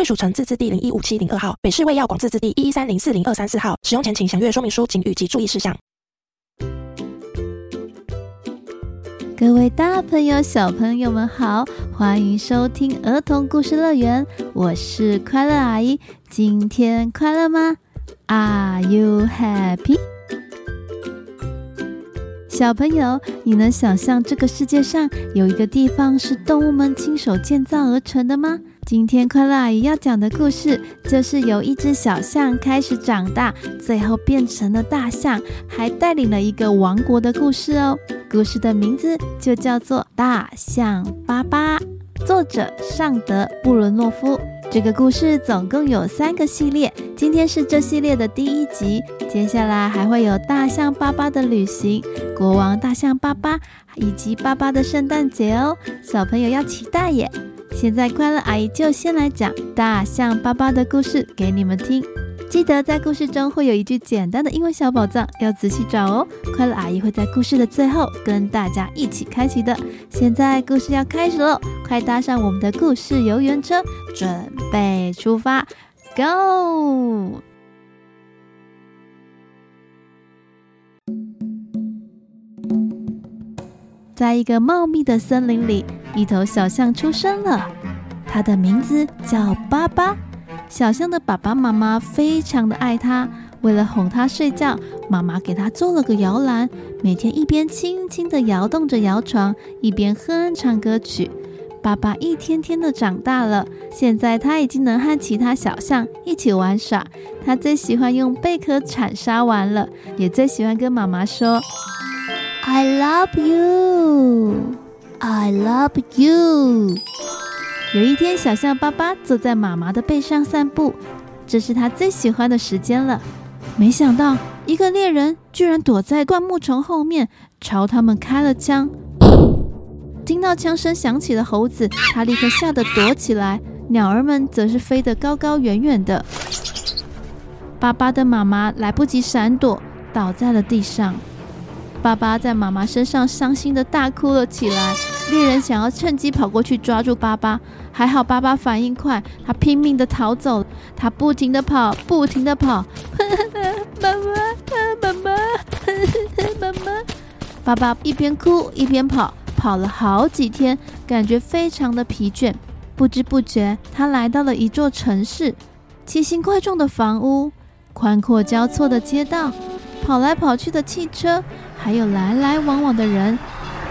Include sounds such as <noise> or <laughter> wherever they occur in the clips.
歸屬城自治地零一五七零二號，北市衛藥廣自治地一一三零四零二三四號。使用前請詳閱說明書、警語及注意事項。各位大朋友、小朋友們好，歡迎收聽兒童故事樂園，我是快樂阿姨。今天快樂嗎？Are you happy？小朋友，你能想象這個世界上有一個地方是動物們親手建造而成的嗎？今天快樂阿姨要講的故事，就是由一隻小象開始長大，最後變成了大象，還帶領了一個王國的故事哦。故事的名字就叫做《大象巴巴》，作者尚德·布倫諾夫。這個故事總共有三個系列，今天是這系列的第一集。接下來還會有《大象巴巴》的旅行、國王大象巴巴以及巴巴的聖誕節哦，小朋友要期待耶！現在，快樂阿姨就先來講大象巴巴的故事給你們聽。記得在故事中會有一句簡單的英文小寶藏，要仔細找哦。快樂阿姨會在故事的最後跟大家一起開啟的。現在，故事要開始嘍！快搭上我們的故事遊園車，準備出發，Go！在一個茂密的森林裡。一頭小象出生了，它的名字叫巴巴。小象的爸爸媽媽非常的愛它。為了哄它睡覺，媽媽給它做了個搖籃，每天一邊輕輕地搖動着搖床，一邊哼唱歌曲。巴巴一天天的長大了，現在它已經能和其他小象一起玩耍，它最喜歡用貝殼鏟沙玩了，也最喜歡跟媽媽說：“I love you。” I love you。有一天，小象巴巴坐在媽媽的背上散步，這是它最喜歡的時間了。沒想到，一個獵人居然躲在灌木叢後面，朝他們開了槍。噗聽到槍聲響起的猴子，它立刻嚇得躲起來；鳥兒們則是飛得高高遠遠的。巴巴的媽媽來不及閃躲，倒在了地上。巴巴在媽媽身上傷心的大哭了起來。獵人想要趁機跑過去抓住巴巴，還好巴巴反應快，他拼命的逃走了，他不停的跑，不停的跑，媽媽，媽媽，媽媽，巴巴一邊哭一邊跑，跑了好幾天，感覺非常的疲倦，不知不覺他來到了一座城市，奇形怪狀的房屋，寬闊交錯的街道，跑來跑去的汽車，還有來來往往的人。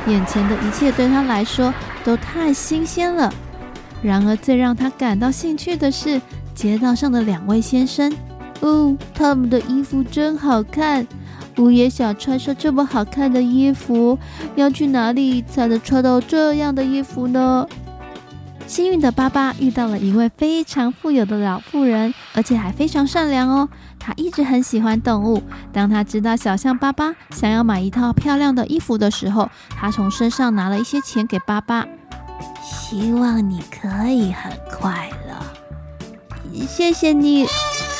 眼前的一切對他來說都太新鮮了。然而，最讓他感到興趣的是街道上的兩位先生。哦，他們的衣服真好看！我也想穿上這麼好看的衣服。要去哪裡才能穿到這樣的衣服呢？幸運的巴巴遇到了一位非常富有的老婦人，而且還非常善良哦。她一直很喜歡動物。當她知道小象巴巴想要買一套漂亮的衣服的時候，她從身上拿了一些錢給巴巴。希望你可以很快樂。謝謝你。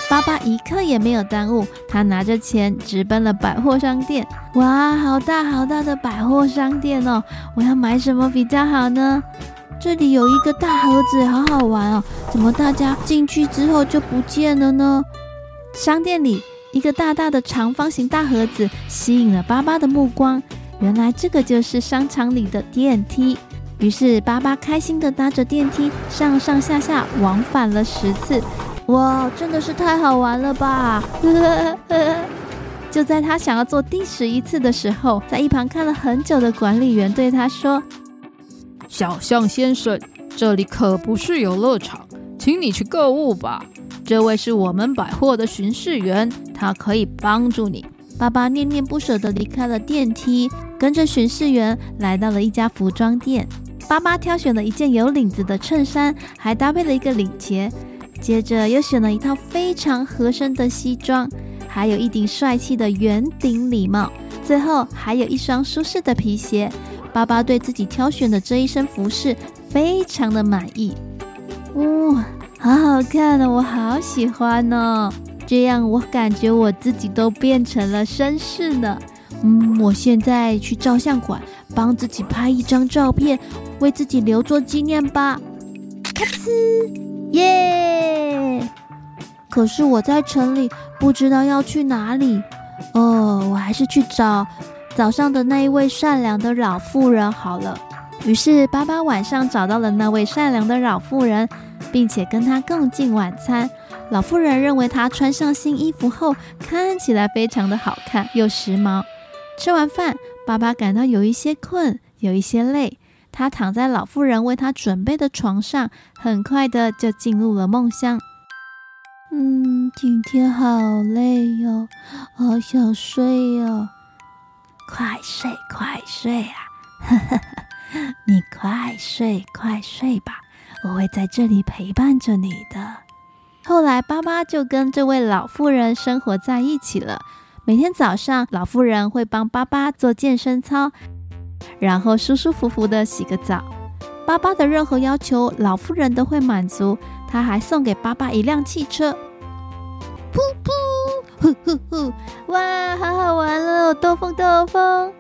巴巴一刻也沒有耽誤，他拿着錢直奔了百貨商店。哇，好大好大的百貨商店哦！我要買什麼比較好呢？這裡有一個大盒子，好好玩哦！怎麼大家進去之後就不見了呢？商店裡一個大大的長方形大盒子吸引了巴巴的目光。原來這個就是商場裡的電梯。於是巴巴開心的搭着電梯上上下下往返了十次。哇，真的是太好玩了吧！ <laughs> 就在他想要做第十一次的時候，在一旁看了很久的管理員對他說。小象先生，這裡可不是遊樂場，請你去購物吧。這位是我們百貨的巡視員，他可以幫助你。巴巴念念不捨地離開了電梯，跟着巡視員來到了一家服裝店。巴巴挑選了一件有領子的襯衫，還搭配了一個領結，接着又選了一套非常合身的西裝，還有一頂帥氣的圓頂禮帽，最後還有一雙舒適的皮鞋。巴巴對自己挑選的這一身服飾非常的滿意，嗚、嗯，好好看的、哦，我好喜歡呢、哦。這樣我感覺我自己都變成了紳士呢。嗯，我現在去照相館幫自己拍一張照片，為自己留作紀念吧。咔嚓，耶！可是我在城裡不知道要去哪裡，哦，我還是去找。早上的那一位善良的老婦人好了，於是巴巴晚上找到了那位善良的老婦人，並且跟她共進晚餐。老婦人認為他穿上新衣服後看起來非常的好看又時髦。吃完飯，巴巴感到有一些困，有一些累，他躺在老婦人為他準備的床上，很快的就進入了夢鄉。嗯，今天好累喲，好想睡喲。快睡快睡啊！ <laughs> 你快睡快睡吧，我會在這裡陪伴着你的。後來，巴巴就跟這位老婦人生活在一起了。每天早上，老婦人會幫巴巴做健身操，然後舒舒服服的洗個澡。巴巴的任何要求，老婦人都會滿足。他還送給巴巴一輛汽車。噗噗，呵呵。兜風，兜風。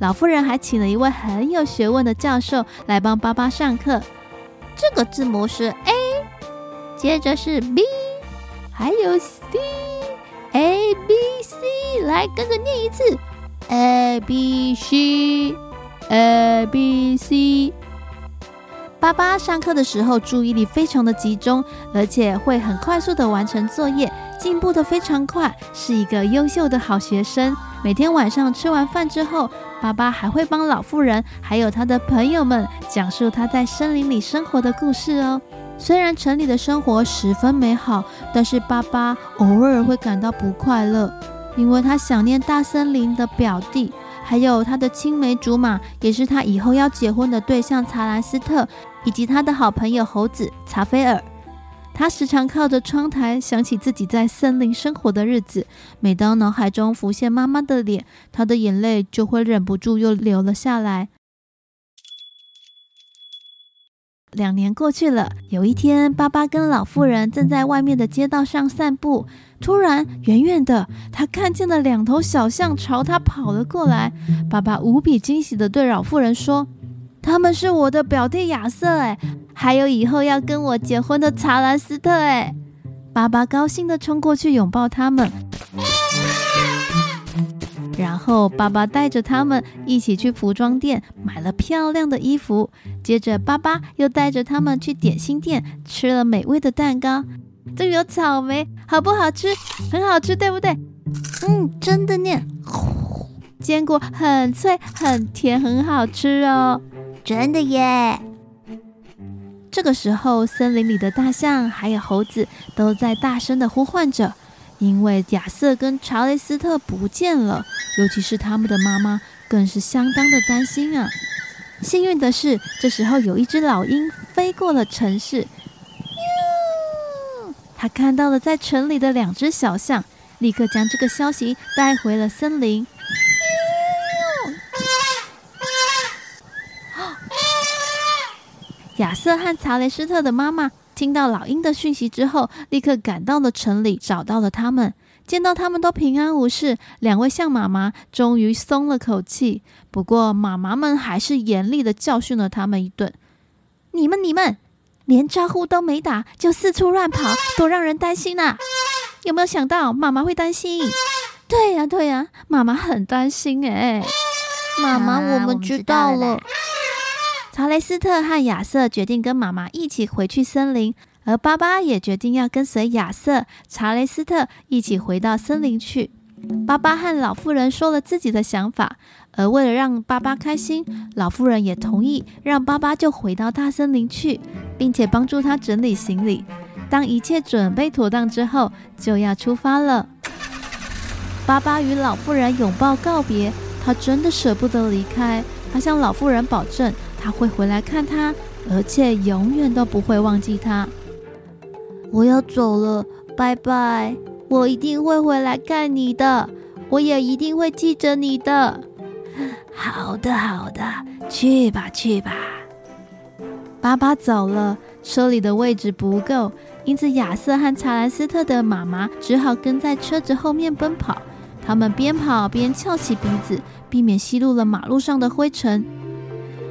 老夫人還請了一位很有學問的教授來幫巴巴上課。這個字母是 A，接着是 B，還有 C。A B C，來跟着念一次。A B C，A B C。巴巴上課的時候注意力非常的集中，而且會很快速的完成作業，進步的非常快，是一個優秀的好學生。每天晚上吃完飯之後，巴巴還會幫老婦人還有他的朋友們講述他在森林裡生活的故事哦。雖然城裡的生活十分美好，但是巴巴偶爾會感到不快樂，因為他想念大森林的表弟，還有他的青梅竹馬，也是他以後要結婚的對象查蘭斯特，以及他的好朋友猴子查菲爾。他時常靠着窗台，想起自己在森林生活的日子。每當腦海中浮現媽媽的臉，他的眼淚就會忍不住又流了下來。兩年過去了，有一天，巴巴跟老婦人正在外面的街道上散步，突然，遠遠的他看見了兩頭小象朝他跑了過來。巴巴無比驚喜地對老婦人說。他們是我的表弟亞瑟哎，還有以後要跟我結婚的查蘭斯特哎。巴巴高興地衝過去擁抱他們，啊、然後巴巴帶着他們一起去服裝店買了漂亮的衣服，接着巴巴又帶着他們去點心店吃了美味的蛋糕，這個有草莓，好不好吃？很好吃，對不對？嗯，真的呢，呼呼堅果很脆，很甜，很好吃哦。真的耶！這個時候，森林裡的大象還有猴子都在大聲的呼喚着，因為亞瑟跟查雷斯特不見了，尤其是他們的媽媽更是相當的擔心啊。幸運的是，這時候有一隻老鷹飛過了城市，它看到了在城裡的兩只小象，立刻將這個消息帶回了森林。亞瑟和查雷斯特的媽媽聽到老鷹的訊息之後，立刻趕到了城裡，找到了他們。見到他們都平安無事，兩位象媽媽終於鬆了口氣。不過，媽媽們還是嚴厲地教訓了他們一頓：“你們，你們，你們連招呼都沒打，就四處亂跑，多讓人擔心吶、啊！有沒有想到媽媽會擔心？”“對呀、啊，對呀、啊，媽媽很擔心哎、欸。”“媽媽我、啊，我們知道了。”查雷斯特和亞瑟決定跟媽媽一起回去森林，而巴巴也決定要跟隨亞瑟、查雷斯特一起回到森林去。巴巴和老婦人說了自己的想法，而為了讓巴巴開心，老婦人也同意讓巴巴就回到大森林去，並且幫助他整理行李。當一切準備妥當之後，就要出發了。巴巴與老婦人擁抱告別，他真的捨不得離開。他向老婦人保證。他會回來看他，而且永遠都不會忘記他。我要走了，拜拜！我一定會回來看你的，我也一定會記着你的。好的，好的，去吧，去吧。爸爸走了，車裡的位置不夠，因此亞瑟和查蘭斯特的媽媽只好跟在車子後面奔跑。他們邊跑邊翹起鼻子，避免吸入了馬路上的灰塵。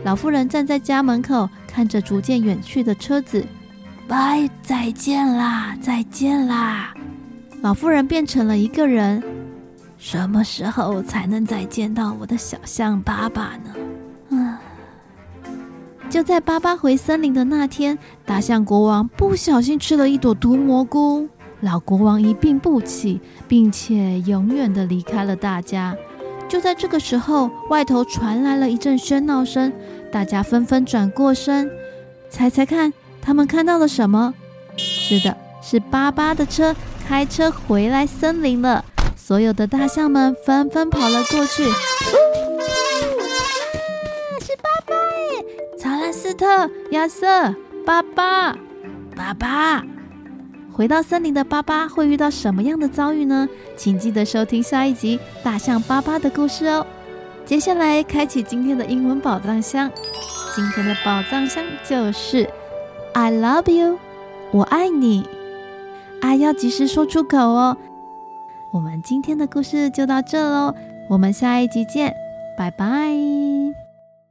老婦人站在家門口，看着逐漸遠去的車子，拜，再見啦，再見啦！老婦人變成了一個人。什麼時候才能再見到我的小象巴巴呢？ <laughs> 就在巴巴回森林的那天，大象國王不小心吃了一朵毒蘑菇，老國王一病不起，並且永遠的離開了大家。就在這個時候，外頭傳來了一陣喧鬧聲，大家紛紛轉過身，猜猜看，他們看到了什麼？是的，是巴巴的車，開車回來森林了。所有的大象們紛紛跑了過去。哇、啊，是巴巴耶！查蘭斯特、亞瑟，巴巴，巴巴。巴巴回到森林的巴巴會遇到什麼樣的遭遇呢？請記得收聽下一集《大象巴巴的故事》哦。接下來開啟今天的英文寶藏箱，今天的寶藏箱就是 “I love you”，我愛你，愛要及時說出口哦。我們今天的故事就到這嘍，我們下一集見，拜拜。